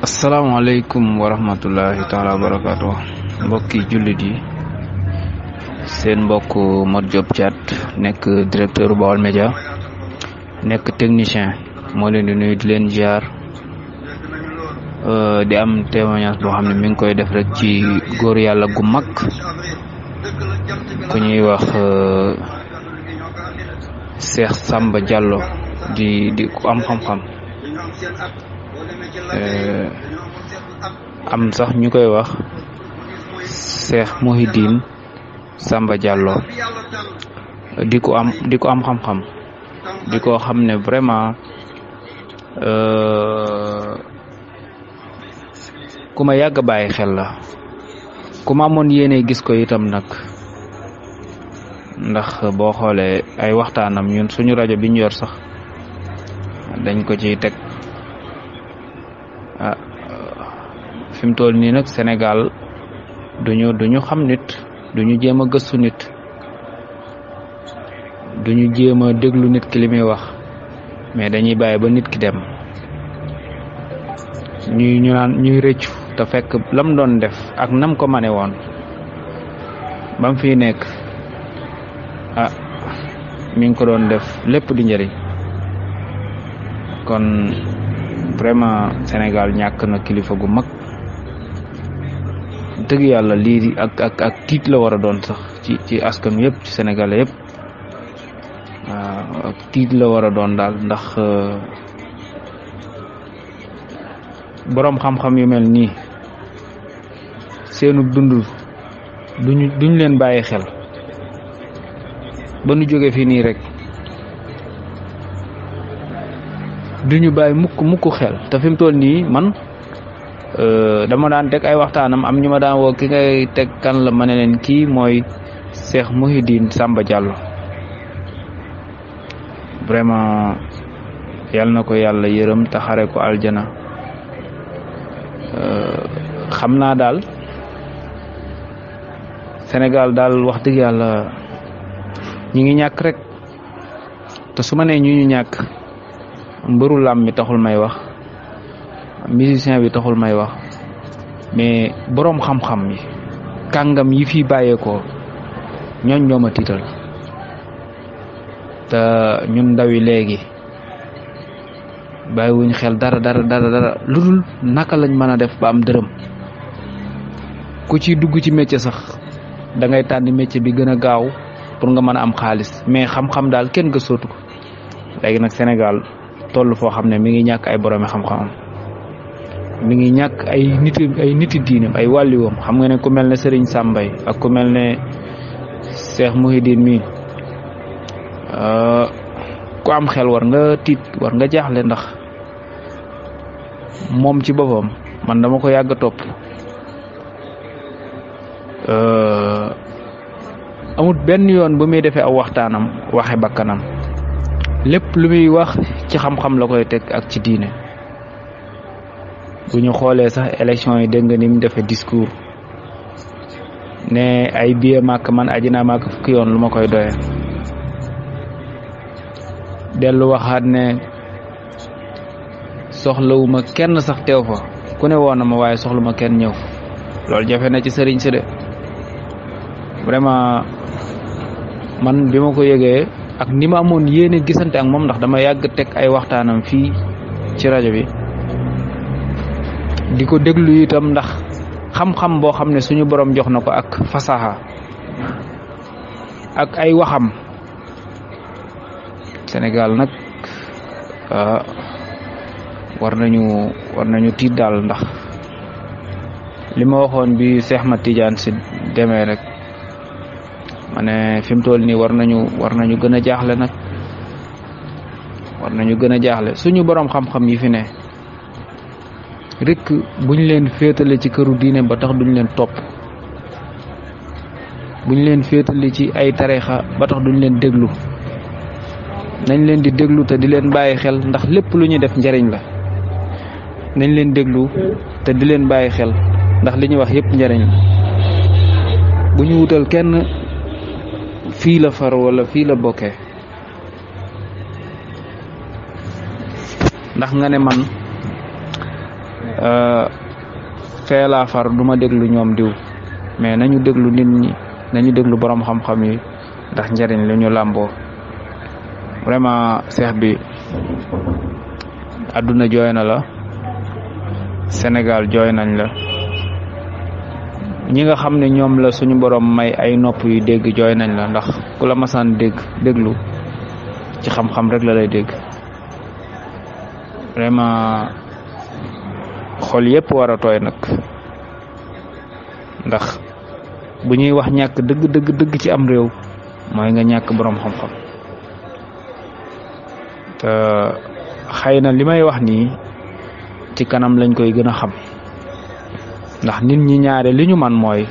Assalamualaikum warahmatullahi taala wabarakatuh. Boki mbokki julit yi seen mbokk Modou Diop Thiat directeur Baol media nek technicien mo len di nuy di len jaar euh, di am témoignage bo xamni mi ngi koy def rek ci gor yalla gu mak ku ñuy wax euh, Cheikh Samba Diallo di di am xam-xam Eh, am sax ñu koy wax Cheikh Mouhidine Samba Diallo di ko am di ko am xam-xam di ko xam ne vraiment eh, ku ma yàgg bàyyi xel la ku ma amoon yéene gis ko itam nag ndax boo xoolee ay waxtaanam ñun suñu rajo bi ñu yor sax dañ ko ciy teg fim tol ni nak Senegal duñu duñu xam nit duñu jema geussu nit duñu jema deglu nit ki li wax mais dañuy baye ba nit ki dem ñuy ñu naan ñuy reccu ta fekk lam doon def ak nam ko mane won bam fi nek ah mi ko doon def lepp di ñëri kon vraiment Senegal ñak na kilifa gu mag deug yalla li di ak ak ak tit la wara don sax ci ci askan yeb ci Sénégal yeb ah ak tit la wara don dal ndax euh, borom xam-xam yu mel ni senu dundu duñu duñ len baye xel ba nu jóge fii nii rek duñu baye mukk mukk xel ta fim toll man. Euh, dama daan teg ay waxtaanam am ñu ma daan woo ki ngay teg kan la ma ne leen kii mooy Cheikh Mouhidine Samba Diallo vraiment yal na ko yàlla yërëm te xare ko aljana euh, xam naa daal Sénégal daal wax dëgg yàlla ñi ngi ñàkk rek te su ma nee ñu ñàkk mbëru làmb mi taxul may wax. musicien bi taxul may wax mais borom xam-xam yi kangam yi fi baye ko ñoo ñoma tital ta ñun ndawi léegi wuñ xel dara dara dara dara lulul naka lañ mëna def ba am dërëm ku ci dugg ci métier sax da ngay tan métier bi gëna gaaw pour nga mëna am xaaliss mais xam-xam dal kenn gëstootu ko legi nak Sénégal tollu fo xamné mi ngi ñak ay borom xam xam mi ngi ñàkk ay nit ay diinam ay wàlliwoom xam nga ne ku mel ne Serigne Sàmbay ak ku mel ne Cheikh Mouhidine mii ah, ku am xel war nga tiit war nga jaaxle ndax moom ci boppam man dama ko yàgg a topp ah, amut benn yoon ba muy defee aw waxtaanam waxe bakkanam lépp lu muy wax ci xam-xam la koy teg ak ci diine buñu xolé sax élection yi dëng ni mu défé discours ne ay biye mak man adina mak fuk yoon luma ma koy doyee delu waxat ne soxlawuma kenn sax téw fa ku né wona ma way soxluma kenn ñew lool jafé jafe na ci sëriñ ci dé vraiment man bi ko yégué ak ni ma amoon yéene gisante ak mom ndax dama yag tek ay waxtanam fi ci radio bi di ko déglu itam ndax xam-xam boo xam ne suñu borom jox na ko ak fasaha ak ay waxam Sénégal nag ah, war nañu war nañu tiit daal ndax li ma waxoon bi seex Ahmad Tidiane si demee rek mane ne fi mu toll nii war nañu war nañu gën a jaaxle nag war nañu gën a jaaxle suñu boroom xam-xam yi fi ne. rekk bu ñu leen féetale ci këru diine ba tax duñ leen topp bu ñu leen féetale ci ay tareexa ba tax duñ leen déglu nañ leen di déglu te di leen bàyyi xel ndax lépp lu ñuy def njariñ la nañ leen déglu te di leen bàyyi xel ndax li ñuy wax yépp njariñ la bu ñu wutal kenn fii la far walla fii la bokkee ndax nga ne man Euh, feelaa far du ma déglu ñoom diw mais nañu déglu nit ñi nañu déglu boroom xam-xam yi ndax njariñ li ñu làmboo vraiment seex bi àdduna jooy na la Sénégal jooy nañ la ñi nga xam ne ñoom la suñu borom may ay nopp yu dégg jooy nañ la ndax ku la masaan dégg déglu ci xam-xam rek la lay dégg vraiment xol yépp war a tooy nag ndax bu ñuy wax ñàkk dëgg dëgg dëgg ci am réew mooy nga ñàkk boroom xam-xam te xëy na li may wax nii ci kanam lañ koy gën a xam ndax nit ñi ñaare li ñu man mooy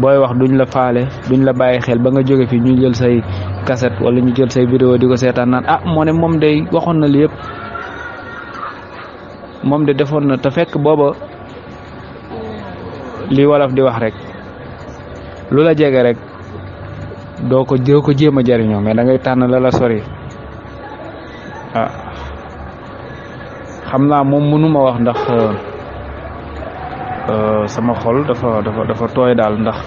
booy wax duñ la faale duñ la bàyyi xel ba nga jóge fi ñu jël say kaset wala ñu jël say vidéo di ko seetaan naan a ah, moo ne moom day waxoon na li yëpp mom de defon na ta fekk bobo li walaf di wax rek lula la rek do ko doo ko jéem a mais da ngay tan la la sori ah xamna mom wax ndax euh, euh, sama xol dafa dafa dafa toy dal ndax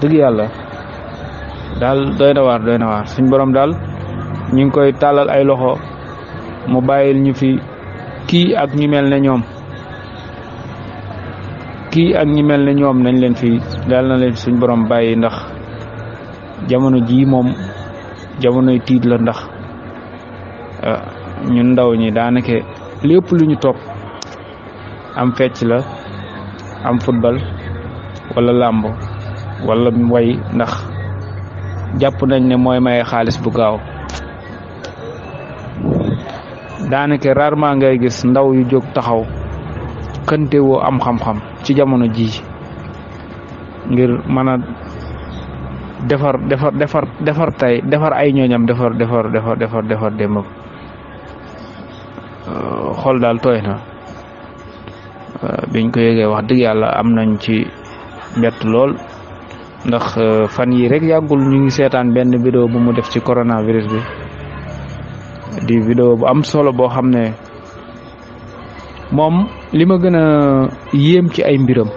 deug yalla dal doyna war doyna war na suñ borom dal ñing koy talal ay loxo mu bayil ñu fi kii ak ñu mel ne ñoom kii ak ñu mel ne ñoom nañ leen fi daal na leen suñ borom bàyyi ndax jamono jii moom jamonoy tiit la ndax ah, ñu ndaw ñi daanaka lépp lu ñu topp am fecc la am football wala làmb wala way ndax jàpp nañ ne mooy maye xaalis bu gaaw daanaka rarement ngay gis ndaw yu jóg taxaw kantewoo am xam-xam ci jamono ji ngir mën a defar defar defar defar tey defar ay ñooñam defar defar defar defar defar euh, xool daal tooy na euh, biñ ko yëgee wax dëgg yàlla am nañ ci mbett lool ndax euh, fan yi rek yàggul ñu ngi seetaan benn vidéo bu mu def ci coronavirus bi di vidéo bu am solo boo xam ne moom li ma gën a yéem ci ay mbiram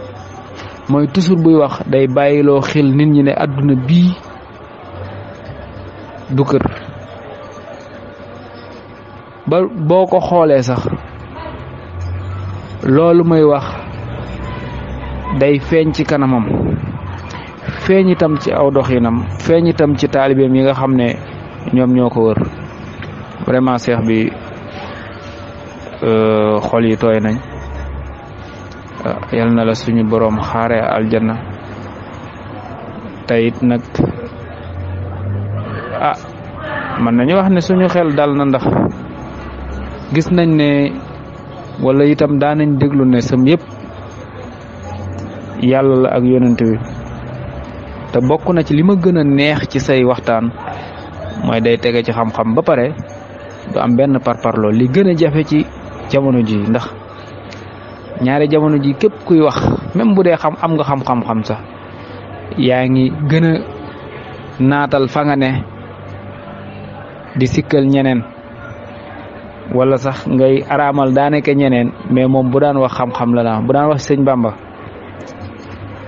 mooy toujours buy wax day bàyyiloo xel nit ñi ne àdduna bii du kër ba boo ko xoolee sax loolu mooy wax day feeñ ci kanamam feeñ itam ci aw doxinam feeñitam ci taalibeem yi nga xam ne ñoom ñoo ko wër vraiment cheikh bi euh, xol yi toy nañ euh, yal na la suñu borom xare aljanna tayit nak ah man nañ wax ne suñu xel dal na ndax gis nañ ne wala itam da nañ deglu ne sam yep yalla la ak yonent bi te bokku na ci lima gëna neex ci say waxtaan moy day tege ci xam-xam ba pare du am ben par lo, li gën jafé jafe ci jamono ji ndax ñaari jamono ji kep kuy wax même bu dé xam am nga xam-xam-xam sax yaangi gëna gën fa nga né di sikkel ñenen wala sax ngay araamal daanaka ñenen mais mom bu daan wax xam-xam la bu daan wax Bamba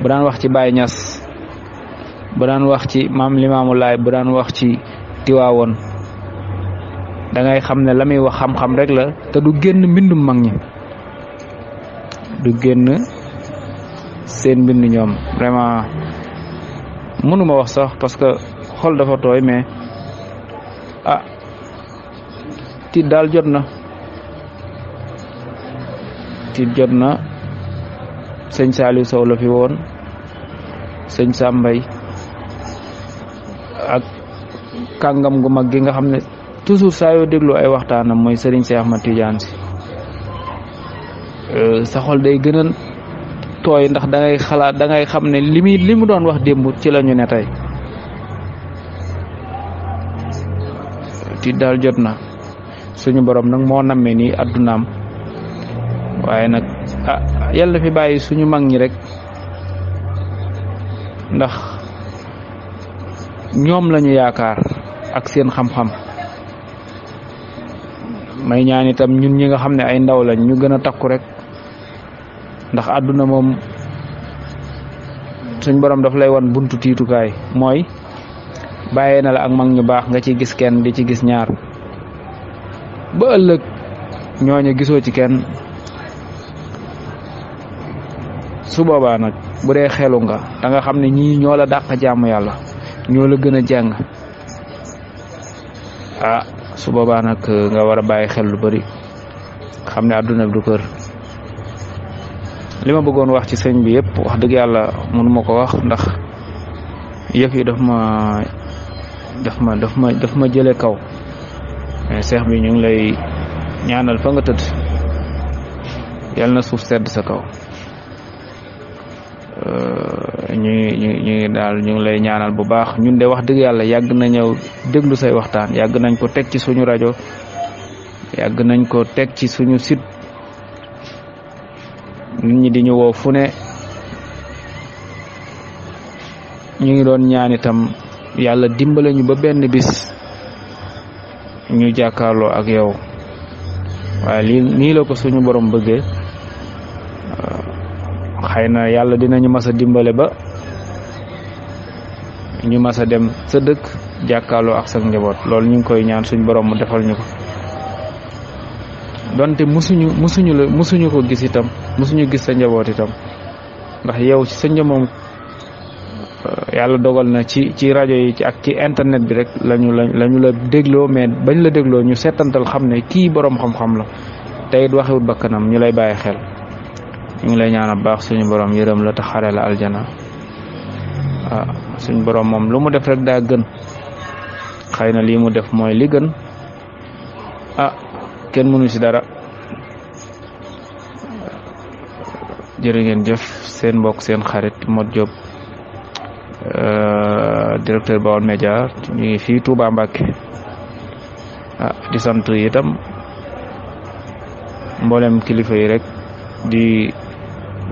bu daan wax ci Baye ñass bu daan wax ci mam limamulay bu daan wax ci tiwawon da ngay xam ne la muy wax xam-xam rek la te du génn mbindum mag ñi du génn seen mbind ñoom vraiment mënuma wax sax parce que xol dafa tooy mais ah tiit daal jot na tiit jot na sëñ Saliou Sow la fi woon sëñ Sambay ak kàngam gu mag gi nga xam ne toujours saayoo yoo déglu ay waxtaanam mooy Serigne Cheikh ma Tidiane si euh, sa xol day gën a tooy ndax da xalaat dangay xam ne limi limu doon wax démb ci lañu ñu ne tey tiit daal jot na suñu boroom nag moo nammee nii addunaam waaye nag ah yàlla fi bàyyi suñu mag ñi rek ndax ñoom lañu yaakaar ak seen xam-xam may ñaan itam ñun ñi nga xam ne ay ndaw lañ ñu gën a takku rek ndax àdduna moom suñ boroom daf lay wan buntu tiitukaay mooy bàyyee na la ak mag ñu baax nga ci gis kenn di ci gis ñaar ba ëllëg ñooñu gisoo ci kenn su boobaa nag bu dee xelu nga danga xam ne ñii ñoo la dàq jàmm yàlla ñoo la gën a jàng ah, su boobaa nag euh, nga war a bàyyi xel lu bari xam ne àdduna bi du kër li ma bëggoon wax ci sëñ bi yëpp wax dëgg yàlla mënu ko wax ndax yëf yi daf ma daf ma daf ma daf jële kaw mais seex bi ñu ngi lay ñaanal fa nga tëdd yàlla na suuf sedd sa kaw euh, ñuy ñu ñu daal ñu ngi lay ñaanal bu baax ñun de wax deug yalla yag na ñew genan say waxtaan yag nañ ko tek ci suñu radio yag nañ ko tek ci suñu site nit ñi di ñu wo fu ne ñu ngi doon ñaan itam yalla dimbalé ñu ba benn bis ñu ak yow li ni la ko suñu borom bëggee xëy na yàlla dinañu mas a dimbale ba ñu mas a dem sa dëkk jàkkaaloo ak sa njaboot loolu ñu ngi koy ñaan suñu borom mu defal ñu ko donte musuñu musuñu la musuñu ko gis itam musuñu gis sa njaboot itam ndax yow ci sa njamoom euh, yàlla dogal na ci ci rajo yi ci ak ci internet bi rek lañu la lañu la dégloo mais bañ la dégloo ñu seetantal xam ne kii boroom xam-xam la tey it waxewut bakkanam ñu lay bàyyi xel ñu lay ñaanal baax suñu borom yërëm la taxare la aljana ah, suñu borom mom lu mu def rek da gën xëy li mu def moy li gën ah kenn mënu si dara jere ngeen jëf seen mbokk seen xarit Modou Diop ah, directeur Baol media ñu fi Touba mbacke ah di sant itam mboolem kilifa yi rek di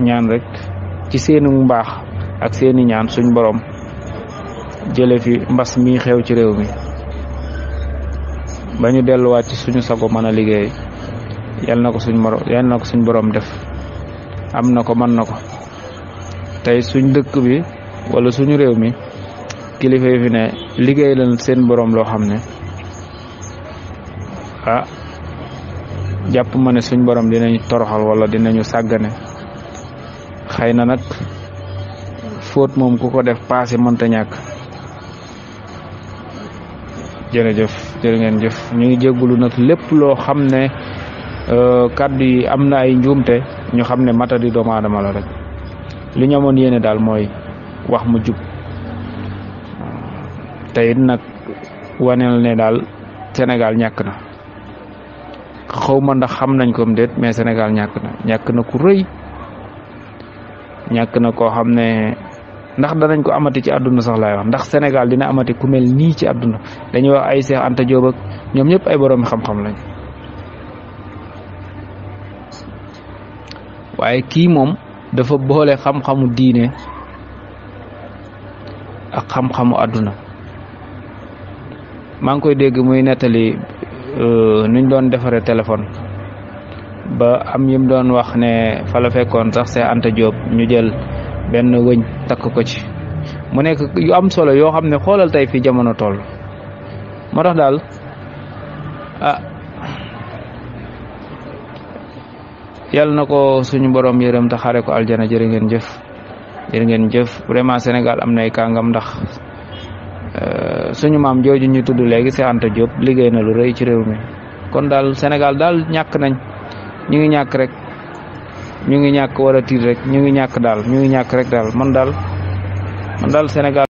ñaan rek ci seenu mbax ak seeni ñaan suñ borom jële fi mbass mi xew ci réew mi bañu ñu wat ci suñu sago mën liggéey yal nako suñ yal nako borom def am nako man nako tay ko tey suñ dëkk bi wala suñu réew mi kilifa yi fi ne liggéey lan seen borom lo xamne ne ah japp mané borom dinañu toroxal wala dinañu sagane xëy na nag fóot moom ku ko def paase mënta ñàkk jërëjëf jërë ngeen jëf ñu ngi jéggulu nag lépp loo xam ne euh, kàddu yi am na ay njuumte ñu xam ne matadi doomu adama la rek li ñu amoon yéene daal mooy wax mu jub te it nag waneel ne daal Sénégal ñàkk na xaw ma ndax xam nañ ko dét mais Sénégal ñàkk na ñàkk na ku rëy ñàkk na koo xam ne ndax danañ ko amati ci àdduna sax laay wax ndax Sénégal dina amati ku nii ci adduna dañuy wax ay Seex Anta Jóob ak ñoom ñëpp ay boroomi xam-xam lañ waaye kii moom dafa boole xam-xamu diine ak xam-xamu àdduna maa ngi koy dégg muy nettali euh, nuñ doon defaree téléphone. ba am yim doon wax ne fa la fekkoon sax Seex Anta Jóob ñu jël benn wëñ takk ko ci mu nekk yu am solo yoo xam ne xoolal tey fi jamono toll moo tax daal a ah, yàlla na ko suñu borom yërëm te xare ko aljana jërë ngeen jëf jërë ngeen jëf vraiment Sénégal am na nay kàngam ndax euh, suñu maam jooju ñu tudd léegi Seex Anta Jóob liggéey na lu rëy ci réew mi kon daal Sénégal daal ñàkk nañ ñu ngi ñàkk rek ñu ngi ñàkk wala tiit rek ñu ngi ñàkk daal ñu ngi ñàkk rek daal man daal man daal Sénégal